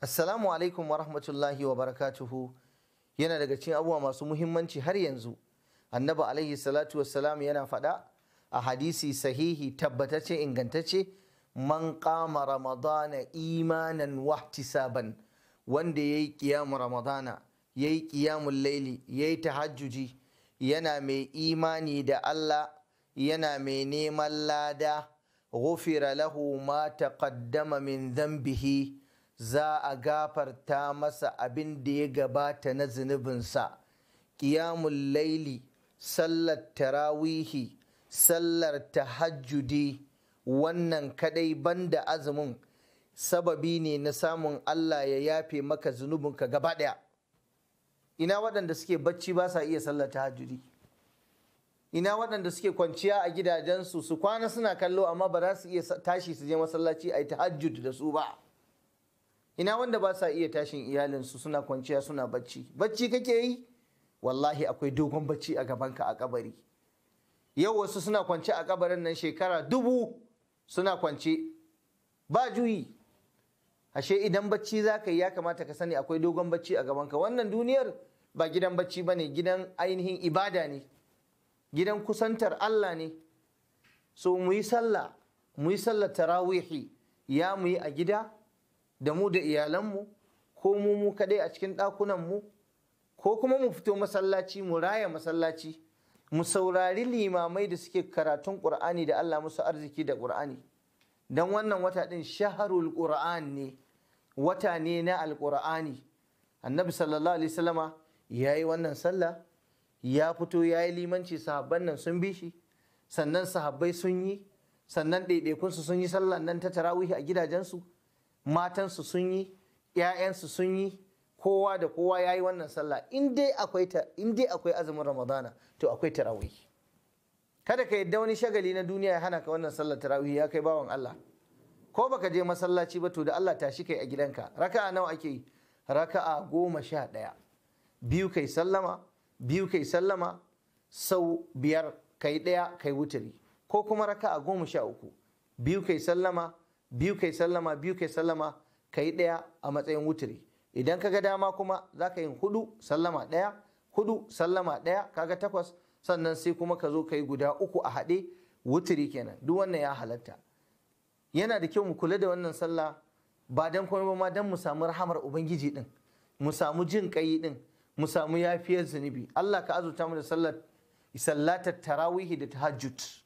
assalamu alaikum wa rahmatullahi wa barakatuhu yana daga cikin abubuwa masu muhimmanci har yanzu annabi alaihi salatu wassalam yana faɗa a hadisi sahihi tabbatacce ingantacce man kama ramadana imanan wahtisaban wanda ya yi ƙiyamu ramadana ya yi ƙiyamun laili ya yi tahajjuji yana mai imani da allah yana mai neman lada ghufira lahu ma taqaddama min zambihi za a gafarta masa abin da ya gabata na zunubinsa ƙiyamun laili sallar tarawihi sallar tahajjudi wannan kadai banda azumin sababi ne na samun Allah ya yafe maka zunubinka gaba ɗaya ina waɗanda suke bacci ba sa iya sallar tahajjudi ina waɗanda suke kwanciya a gidajensu su kwana suna kallo amma ba za su iya tashi su je masallaci a yi tahajjud da su ba ina wanda ba sa iya tashin iyalinsu suna kwanciya suna bacci bacci kake yi wallahi akwai dogon bacci a gabanka a kabari yau wasu suna kwance a kabarin nan shekara dubu suna kwance ba juyi ashe idan bacci za ka yi ya kamata ka sani akwai dogon bacci a gabanka wannan duniyar ba gidan bacci ba ne gidan ainihin ibada ne gidan kusantar Allah ne so mu yi sallah mu yi sallah tarawihi ya mu yi a gida da mu da iyalanmu ko mu mu kadai a cikin ɗakunanmu ko kuma mu fito masallaci mu raya masallaci mu saurari limamai da suke karatun ƙur'ani da Allah musu arziki da ƙur'ani don wannan wata ɗin shaharul ƙur'an ne wata ne na alƙur'ani annabi sallallahu alaihi wasallama ya yi wannan sallah ya fito ya yi limanci sahabban nan sun bi shi sannan sahabbai sun yi sannan ɗaiɗaikunsu sun yi sallah nan ta tarawihi a gidajensu matansu sun yi 'ya'yansu sun yi kowa da kowa ya yi wannan sallah in dai akwai azumin ramadana to akwai tarawih kada ka yadda wani shagali na duniya ya hana ka wannan sallah tarawih ya kai bawan Allah ko baka je masallaci ba to da Allah tashi kai a gidanka raka'a nawa ake yi raka'a goma sha ɗaya biyu kai sallama biyu kai sallama sau biyar kai ɗaya kai wuturi ko kuma raka'a goma sha uku biyu kai sallama biyu kai sallama biyu kai sallama kai ɗaya a matsayin wuturi idan ka ga dama kuma za ka yi hudu sallama ɗaya hudu sallama ɗaya kaga takwas sannan sai kuma ka zo ka yi guda uku a haɗe wuturi kenan duk wannan ya halatta yana da kyau mu kula da wannan sallah ba dan kuma ba ma dan mu samu rahamar ubangiji din mu samu jin kai din mu samu yafiyar zunubi Allah ka azurta mu da sallar sallatar tarawihi da tahajjud